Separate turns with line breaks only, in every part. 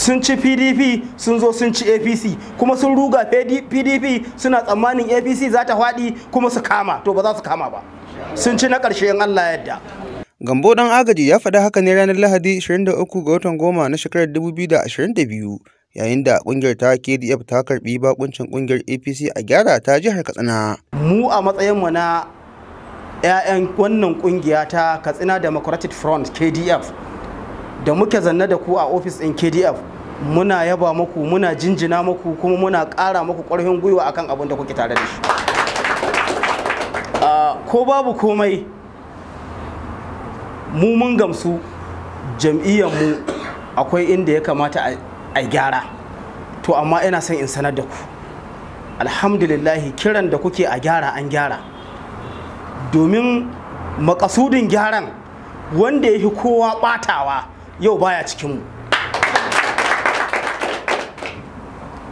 sun ci pdp sun zo sun ci apc kuma sun ruga pdp suna tsammanin apc za ta faɗi kuma su kama to ba za su kama ba sun ci na ƙarshe in allah yadda
Gambo dan agaji ya faɗa haka ne ranar Lahadi 23 ga watan goma na shekarar 2022 yayin da kungiyar ta KDF ta karbi bakuncin kungiyar APC a gyara ta jihar Katsina. Mu a matsayin mu na 'ya'yan wannan kungiya
ta Katsina Democratic Front KDF da muke zanne da ku a ofis ɗin kdf muna yaba muku muna jinjina muku kuma muna ƙara muku ƙarfin gwiwa akan abin da kuke tare da shi ah, ko babu komai mu mun gamsu mu akwai inda ya kamata a gyara to amma ina son in sanar da ku alhamdulillahi kiran da kuke a gyara an gyara domin makasudin gyaran wanda ya fi kowa batawa. yau baya cikin mu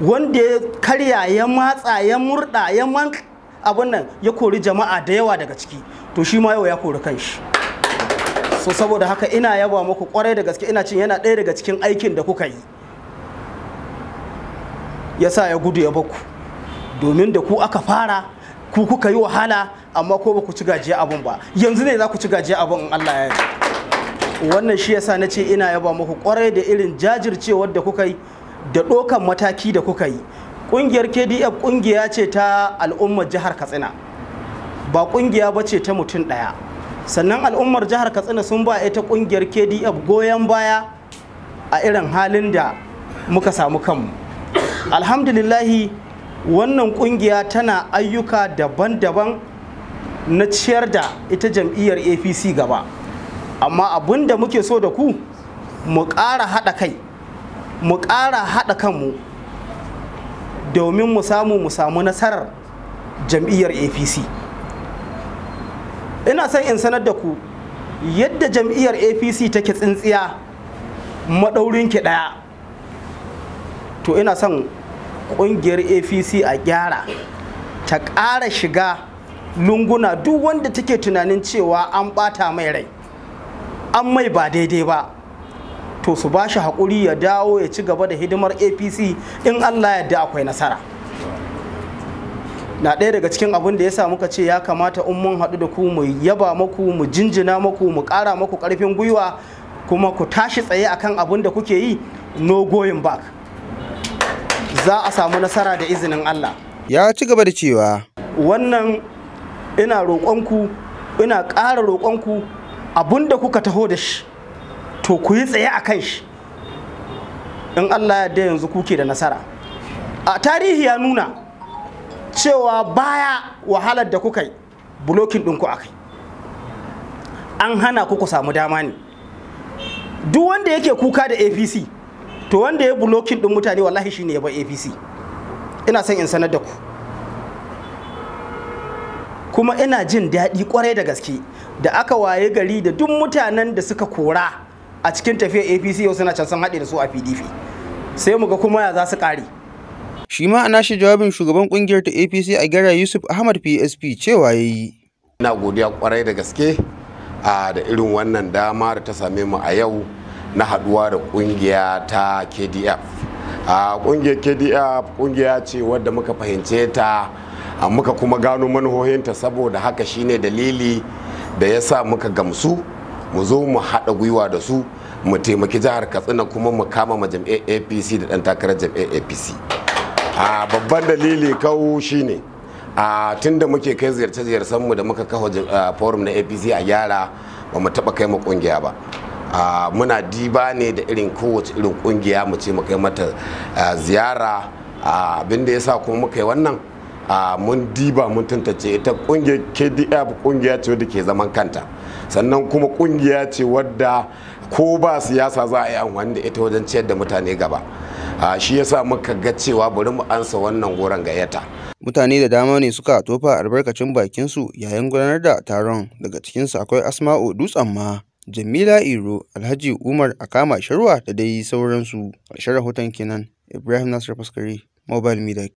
wanda ya karya ya matsa ya murda ya man abin nan ya kori jama'a da yawa daga ciki to shi ma yau ya kori kanshi so saboda haka ina yaba muku kwarai da gaske ina cin yana ɗaya daga cikin aikin da kuka yi ya sa ya gudu ya baku domin da ku aka fara ku kuka yi wahala amma ko ba ku ci gajiya abun ba yanzu ne za ku ci gajiya abun in Allah ya yi wannan shi yasa na ce ina yaba muku kwarai da irin jajircewar da kuka yi da ɗokan mataki da kuka yi ƙungiyar kdf ƙungiya ce ta al'ummar jihar katsina ba ƙungiya ba ce ta mutum ɗaya sannan al'ummar jihar katsina sun ba ita ƙungiyar kdf goyon baya a irin halin da muka samu kanmu alhamdulillahi wannan ƙungiya tana ayyuka daban-daban na ciyar da ita jam'iyyar apc gaba amma abin da muke so da ku mu ƙara haɗa kai mu ƙara haɗa kanmu domin mu samu mu samu nasarar jam'iyyar apc ina son in sanar da ku yadda jam'iyyar apc take tsintsiya ki ɗaya to ina son ƙungiyar apc a gyara ta ƙara shiga lunguna duk wanda take tunanin cewa an ɓata mai rai an mai ba daidai ba to su ba shi haƙuri ya dawo ya ci gaba da hidimar apc in allah yadda akwai nasara na ɗaya daga cikin abin da ya sa muka ce ya kamata in mun haɗu da ku mu yaba maku mu jinjina maku mu ƙara maku ƙarfin gwiwa kuma ku tashi tsaye akan abin da kuke yi no going back za a samu nasara da izinin allah
ya ci gaba da cewa
wannan ina roƙonku ina ƙara roƙonku abun da kuka taho da shi to ku yi tsaye a kan shi in allah yadda yanzu kuke da nasara a tarihi ya nuna cewa baya wahalar da kuka yi blokin ɗinku a kai an hana ku samu dama ne duk wanda yake kuka da apc to wanda ya bulokin ɗin mutane wallahi shine ya bar apc ina son in sanar da ku kuma ina jin daɗi kwarai da gaske da aka waye gari da duk mutanen da suka kora a cikin tafiyar apc yau suna can sun haɗe da su a pdp
sai mu ga kuma ya za su ƙare shi ma a nashi jawabin shugaban ƙungiyar ta apc a
gara yusuf ahmad psp cewa ya yi ina godiya kwarai da gaske a da irin wannan dama da ta same mu a yau na haduwa da kungiya ta kdf a kungiyar kdf kungiya ce wadda muka fahimce ta muka kuma gano manhohinta saboda haka shine dalili da ya sa muka gamsu mu zo mu haɗa gwiwa da su mu taimaki jihar katsina kuma mu kama ma jam'iyyar apc da ɗan takarar jam'iyyar apc a babban dalili kawo shine a tun da muke kai ziyarce ziyarsan mu da muka kawo forum na apc a gyara ba mu taɓa kai mu ƙungiya ba muna diba ne da irin kowace irin kungiya mu ce mu kai mata ziyara abinda ya sa kuma muka yi wannan a mun diba mun tantace ita kungiyar kdf kungiya ce wadda ke zaman kanta sannan kuma kungiya ce wadda ko ba siyasa za a yi amfani da ita wajen ciyar da mutane gaba shi yasa muka ga cewa bari mu ansa wannan goron gayyata mutane da dama
ne suka tofa albarkacin bakin su yayin gudanar da taron daga cikin su akwai asma'u dutsen ma jamila iro alhaji umar akama sharwa da dai sauransu a rahoton kenan ibrahim nasir faskari mobile media